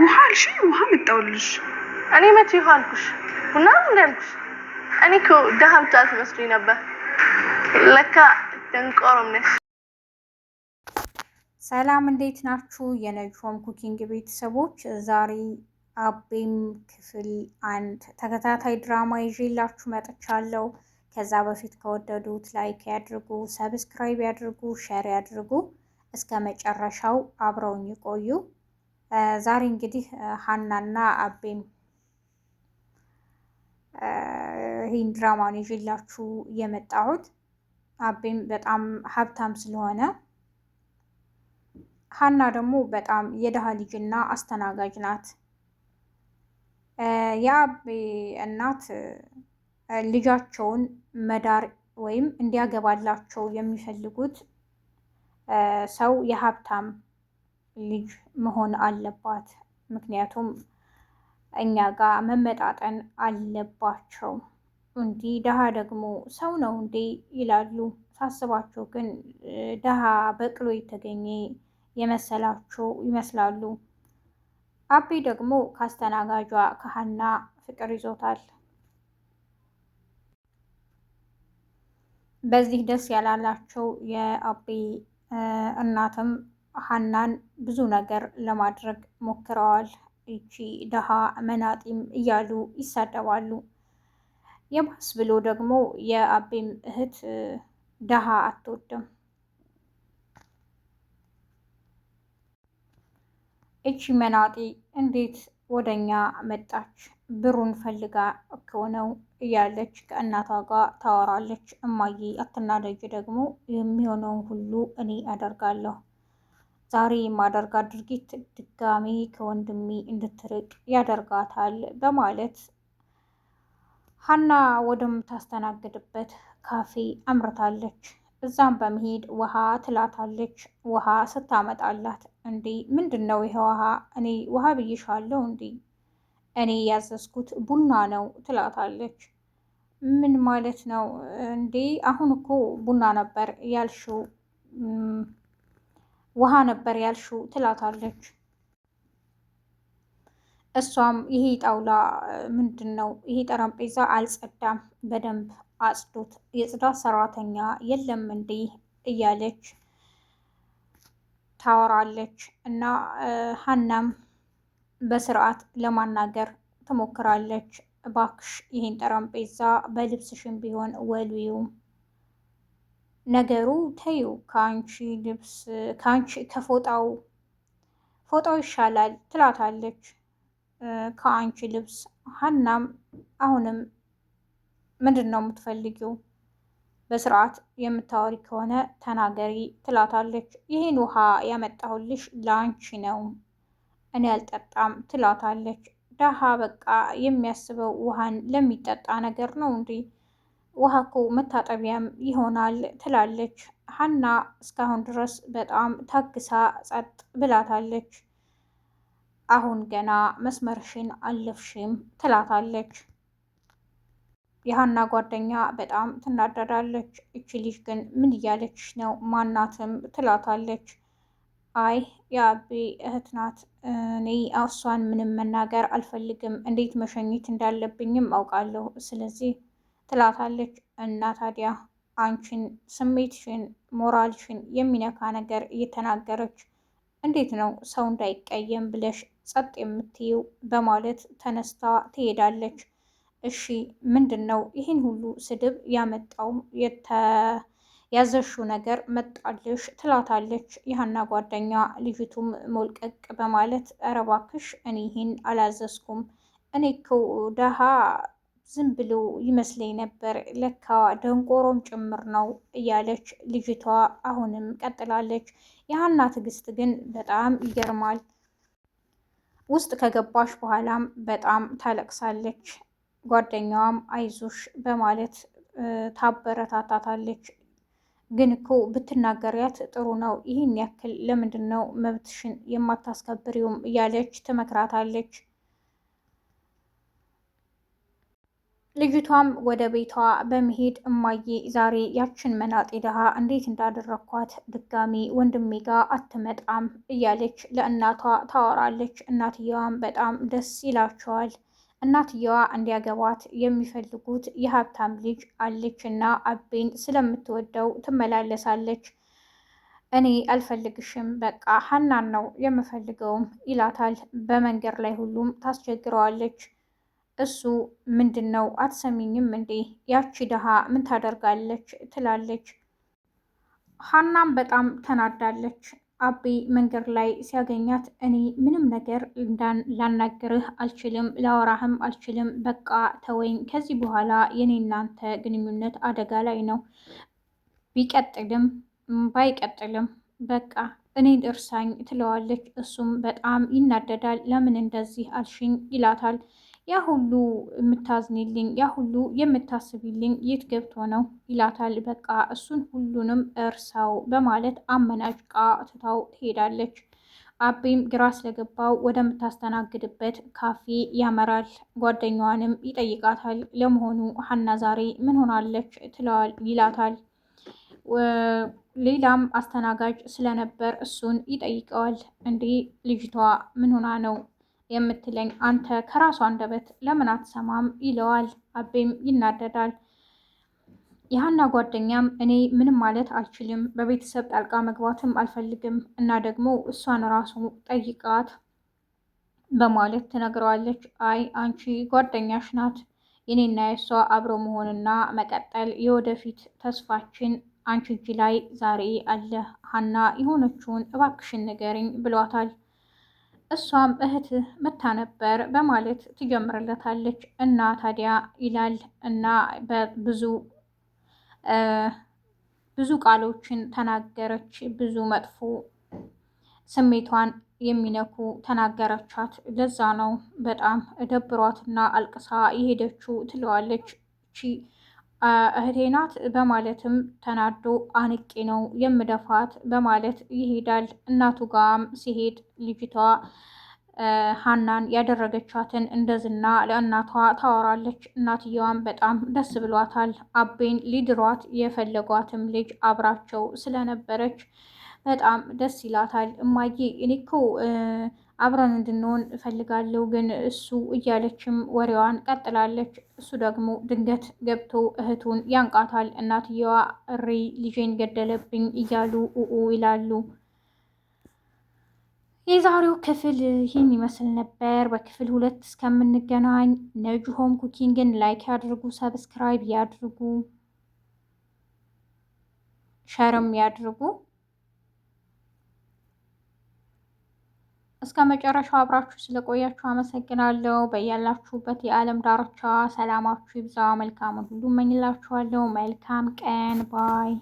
ውሃ አልሽኝ? ውሃ መጣሁልሽ። እኔ መቼ ውሃ አልኩሽ? ቡና እንዳልኩሽ። እኔ እኮ ደሃ ብቻ አትመስሉኝ ነበር። ለካ ደንቆሮም ነሽ። ሰላም፣ እንዴት ናችሁ? የነጆም ኩኪንግ ቤተሰቦች ዛሬ አቤም ክፍል አንድ ተከታታይ ድራማ ይዤላችሁ መጥቻለሁ። ከዛ በፊት ከወደዱት ላይክ ያድርጉ፣ ሰብስክራይብ ያድርጉ፣ ሼር ያድርጉ። እስከ መጨረሻው አብረውኝ ይቆዩ። ዛሬ እንግዲህ ሀናና አቤም ይህን ድራማን ይዤላችሁ የመጣሁት አቤም በጣም ሀብታም ስለሆነ ሀና ደግሞ በጣም የድሃ ልጅና አስተናጋጅ ናት። የአቤ እናት ልጃቸውን መዳር ወይም እንዲያገባላቸው የሚፈልጉት ሰው የሀብታም ልጅ መሆን አለባት። ምክንያቱም እኛ ጋር መመጣጠን አለባቸው። እንዲህ ድሃ ደግሞ ሰው ነው እንዴ ይላሉ። ሳስባቸው ግን ድሃ በቅሎ የተገኘ የመሰላቸው ይመስላሉ። አቤ ደግሞ ከአስተናጋጇ ከሀና ፍቅር ይዞታል። በዚህ ደስ ያላላቸው የአቤ እናትም ሀናን ብዙ ነገር ለማድረግ ሞክረዋል። ይቺ ድሃ መናጢም እያሉ ይሳደባሉ። የባስ ብሎ ደግሞ የአቤም እህት ድሃ አትወድም። እቺ መናጢ እንዴት ወደኛ መጣች? ብሩን ፈልጋ እኮ ነው እያለች ከእናቷ ጋር ታወራለች። እማዬ አትናደጅ፣ ደግሞ የሚሆነውን ሁሉ እኔ አደርጋለሁ ዛሬ የማደርጋት ድርጊት ድጋሜ ከወንድሜ እንድትርቅ ያደርጋታል በማለት ሀና ወደምታስተናግድበት ካፌ አምርታለች። እዛም በመሄድ ውሃ ትላታለች። ውሃ ስታመጣላት እንዴ ምንድን ነው ይሄ ውሃ? እኔ ውሃ ብይሻለሁ እንዴ? እኔ ያዘዝኩት ቡና ነው ትላታለች። ምን ማለት ነው እንዴ? አሁን እኮ ቡና ነበር ያልሽው ውሃ ነበር ያልሽው ትላታለች። እሷም ይሄ ጣውላ ምንድን ነው? ይሄ ጠረጴዛ አልጸዳም፣ በደንብ አጽዱት፣ የጽዳት ሰራተኛ የለም እንዴ እያለች ታወራለች። እና ሀናም በስርዓት ለማናገር ትሞክራለች። እባክሽ ይህን ጠረጴዛ በልብስሽም ቢሆን ወልዊውም ነገሩ ተዩ ከአንቺ ልብስ ከአንቺ ከፎጣው ፎጣው ይሻላል ትላታለች ከአንቺ ልብስ። ሀናም አሁንም ምንድን ነው የምትፈልጊው? በስርዓት የምታወሪ ከሆነ ተናገሪ ትላታለች። ይህን ውሃ ያመጣሁልሽ ለአንቺ ነው፣ እኔ አልጠጣም ትላታለች። ዳሃ በቃ የሚያስበው ውሃን ለሚጠጣ ነገር ነው እንዴ? ውሃ እኮ መታጠቢያም ይሆናል ትላለች ሀና። እስካሁን ድረስ በጣም ታግሳ ጸጥ ብላታለች። አሁን ገና መስመርሽን አለፍሽም ትላታለች። የሀና ጓደኛ በጣም ትናደዳለች። እች ልጅ ግን ምን እያለች ነው? ማናትም ትላታለች። አይ የአቤ እህት ናት። እኔ እሷን ምንም መናገር አልፈልግም። እንዴት መሸኘት እንዳለብኝም አውቃለሁ። ስለዚህ ትላታለች። እና ታዲያ አንቺን ስሜትሽን፣ ሞራልሽን የሚነካ ነገር እየተናገረች እንዴት ነው ሰው እንዳይቀየም ብለሽ ጸጥ የምትይው በማለት ተነስታ ትሄዳለች። እሺ ምንድን ነው ይህን ሁሉ ስድብ ያመጣው ያዘሹ ነገር መጣልሽ? ትላታለች የሀና ጓደኛ። ልጅቱም ሞልቀቅ በማለት እረ እባክሽ እኔ ይህን አላዘዝኩም እኔ እኮ ደሃ ዝም ብሎ ይመስለኝ ነበር ለካ ደንቆሮም ጭምር ነው እያለች ልጅቷ አሁንም ቀጥላለች። የሀና ትዕግስት ግን በጣም ይገርማል። ውስጥ ከገባች በኋላም በጣም ታለቅሳለች። ጓደኛዋም አይዞሽ በማለት ታበረታታታለች። ግን እኮ ብትናገሪያት ጥሩ ነው፣ ይህን ያክል ለምንድን ነው መብትሽን የማታስከብሪውም? እያለች ትመክራታለች። ልጅቷም ወደ ቤቷ በመሄድ እማዬ ዛሬ ያችን መናጤ ድሃ እንዴት እንዳደረግኳት ድጋሚ ወንድሜ ጋር አትመጣም እያለች ለእናቷ ታወራለች። እናትየዋም በጣም ደስ ይላቸዋል። እናትየዋ እንዲያገባት የሚፈልጉት የሀብታም ልጅ አለች እና አቤን ስለምትወደው ትመላለሳለች። እኔ አልፈልግሽም፣ በቃ ሀናን ነው የምፈልገውም ይላታል። በመንገድ ላይ ሁሉም ታስቸግረዋለች። እሱ ምንድን ነው አትሰሚኝም እንዴ? ያቺ ድሃ ምን ታደርጋለች? ትላለች። ሀናም በጣም ተናዳለች። አቤ መንገድ ላይ ሲያገኛት እኔ ምንም ነገር ላናግርህ አልችልም፣ ላወራህም አልችልም፣ በቃ ተወኝ። ከዚህ በኋላ የኔ እናንተ ግንኙነት አደጋ ላይ ነው። ቢቀጥልም ባይቀጥልም በቃ እኔን እርሳኝ ትለዋለች። እሱም በጣም ይናደዳል። ለምን እንደዚህ አልሽኝ ይላታል። ያ ሁሉ የምታዝንልኝ ያ ሁሉ የምታስብልኝ የት ገብቶ ነው ይላታል። በቃ እሱን ሁሉንም እርሳው በማለት አመናጭቃ ትታው ትሄዳለች። አቤም ግራ ስለገባው ወደምታስተናግድበት ካፌ ያመራል። ጓደኛዋንም ይጠይቃታል። ለመሆኑ ሀና ዛሬ ምን ሆናለች ትለዋል ይላታል። ሌላም አስተናጋጅ ስለነበር እሱን ይጠይቀዋል። እንዴ ልጅቷ ምን ሆና ነው የምትለኝ አንተ ከራሱ አንደበት ለምን አትሰማም? ይለዋል። አቤም ይናደዳል። የሀና ጓደኛም እኔ ምንም ማለት አልችልም፣ በቤተሰብ ጣልቃ መግባትም አልፈልግም እና ደግሞ እሷን ራሱ ጠይቃት በማለት ትነግረዋለች። አይ አንቺ ጓደኛሽ ናት የኔና የእሷ አብሮ መሆንና መቀጠል የወደፊት ተስፋችን አንቺ እጅ ላይ ዛሬ አለ። ሀና የሆነችውን እባክሽን ንገሪኝ ብሏታል። እሷም እህት መታ ነበር በማለት ትጀምርለታለች። እና ታዲያ ይላል እና በብዙ ብዙ ቃሎችን ተናገረች። ብዙ መጥፎ ስሜቷን የሚነኩ ተናገረቻት። ለዛ ነው በጣም ደብሯትና አልቅሳ የሄደችው ትለዋለች። ቺ። እህቴ ናት በማለትም ተናዶ አንቄ ነው የምደፋት በማለት ይሄዳል። እናቱ ጋም ሲሄድ ልጅቷ ሀናን ያደረገቻትን እንደዝና ለእናቷ ታወራለች። እናትየዋም በጣም ደስ ብሏታል። አቤን ሊድሯት የፈለጓትም ልጅ አብራቸው ስለነበረች በጣም ደስ ይላታል። እማዬ እኔ እኮ አብረን እንድንሆን እፈልጋለሁ ግን እሱ እያለችም ወሬዋን ቀጥላለች። እሱ ደግሞ ድንገት ገብቶ እህቱን ያንቃታል። እናትየዋ እሪ ልጄን ገደለብኝ እያሉ ኡኡ ይላሉ። የዛሬው ክፍል ይህን ይመስል ነበር። በክፍል ሁለት እስከምንገናኝ ነጁ ሆም ኩኪንግን ላይክ ያድርጉ፣ ሰብስክራይብ ያድርጉ፣ ሸርም ያድርጉ። እስከ መጨረሻው አብራችሁ ስለቆያችሁ አመሰግናለሁ። በያላችሁበት የዓለም ዳርቻ ሰላማችሁ ይብዛ። መልካሙን ሁሉ እመኝላችኋለሁ። መልካም ቀን ባይ